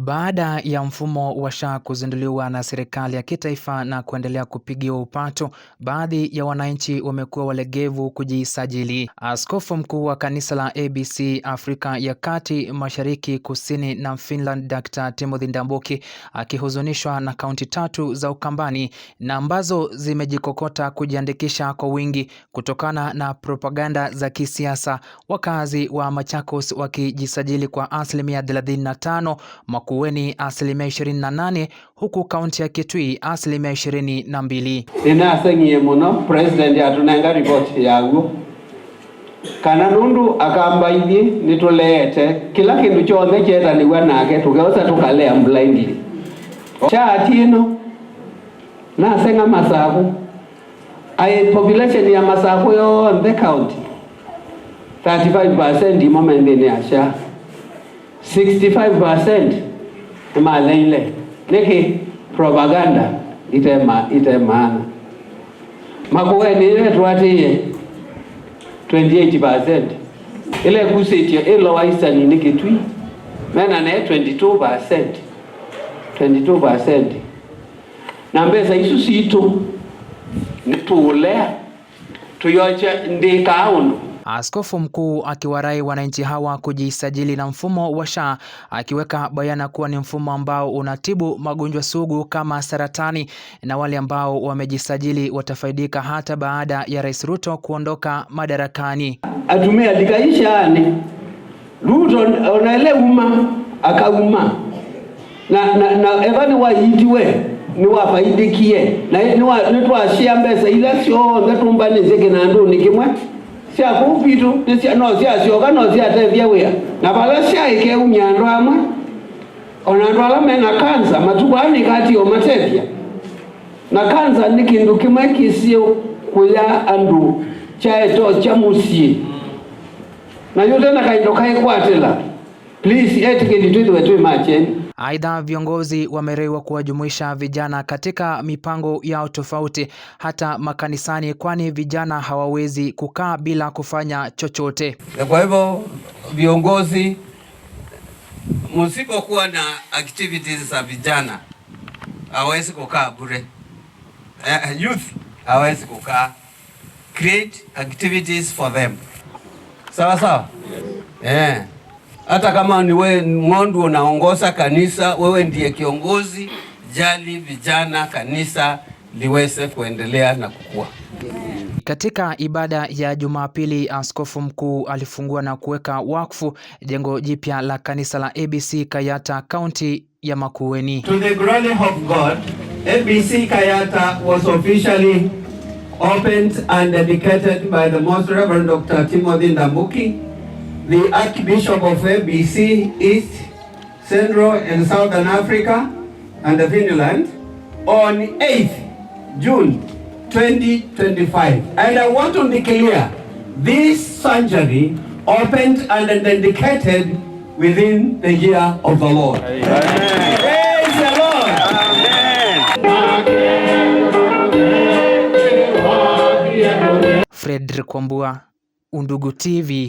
Baada ya mfumo wa SHA kuzinduliwa na serikali ya kitaifa na kuendelea kupigiwa upato, baadhi ya wananchi wamekuwa walegevu kujisajili. Askofu mkuu wa kanisa la ABC Afrika ya Kati, Mashariki, Kusini na Finland, Dr. Timothy Ndambuki akihuzunishwa na kaunti tatu za Ukambani na ambazo zimejikokota kujiandikisha kwa wingi kutokana na propaganda za kisiasa, wakazi wa Machakos wakijisajili kwa asilimia 35 Makueni asilimia ishirini na nane huku kaunti ya Kitui asilimia ishirini na 22. inaasengiye muno president atunenga ripoti yagu kana nundu akambaithie nituleete kila kindu chonthe chetaniwa nake tukeosa tukalea blindly chati ino nasenga masaku ai population ya masaku yonthe county 35% imo mendini asha 65% imala ile niki propaganda itema makuwe ni ile twatiye 28% ile kusityo ilowa niki nikitwi mena ne 22% 22% na mbesa isu situ nituulea tuyoche ndika aundu Askofu mkuu akiwarai wananchi hawa kujisajili na mfumo wa SHA, akiweka bayana kuwa ni mfumo ambao unatibu magonjwa sugu kama saratani, na wale ambao wamejisajili watafaidika hata baada ya Rais Ruto kuondoka madarakani. Atumia likaishaani Ruto oneleuma akauma na, na, na eva niwaitiwe niwafaidikie nitwashia mbesa ila sio na nandu nikimwe syakuupitu nosyasyoka nosyatethya wia na vala syaike umya andu amwe ona andu ala mena kansa matuku anikatio matethya na kansa ni kindu kimwe kisio kuya andu chaeto cha musyi nayu tena kaindo kaikwatila please etiketi twithiwe twi Aidha, viongozi wamerewa kuwajumuisha vijana katika mipango yao tofauti, hata makanisani, kwani vijana hawawezi kukaa bila kufanya chochote. Na kwa hivyo viongozi, msipokuwa na activities za vijana hawezi kukaa bure. Uh, youth hawezi kukaa. Create activities for them. Sawa sawa? Yeah. Eh. Hata kama ni we Ng'ondu unaongoza kanisa, wewe ndiye kiongozi. Jali vijana kanisa liweze kuendelea na kukua. Katika ibada ya Jumapili, askofu mkuu alifungua na kuweka wakfu jengo jipya la kanisa la ABC Kayata kaunti ya Makueni. To the glory of God, ABC Kayata was officially opened and dedicated by the Most Reverend Dr. Timothy Ndambuki the Archbishop of ABC East, Central and Southern Africa and Finland on 8th June 2025. And I want to declare this sanctuary opened and dedicated within the year of the Lord. Amen. Fredrick Kwambua, Undugu TV.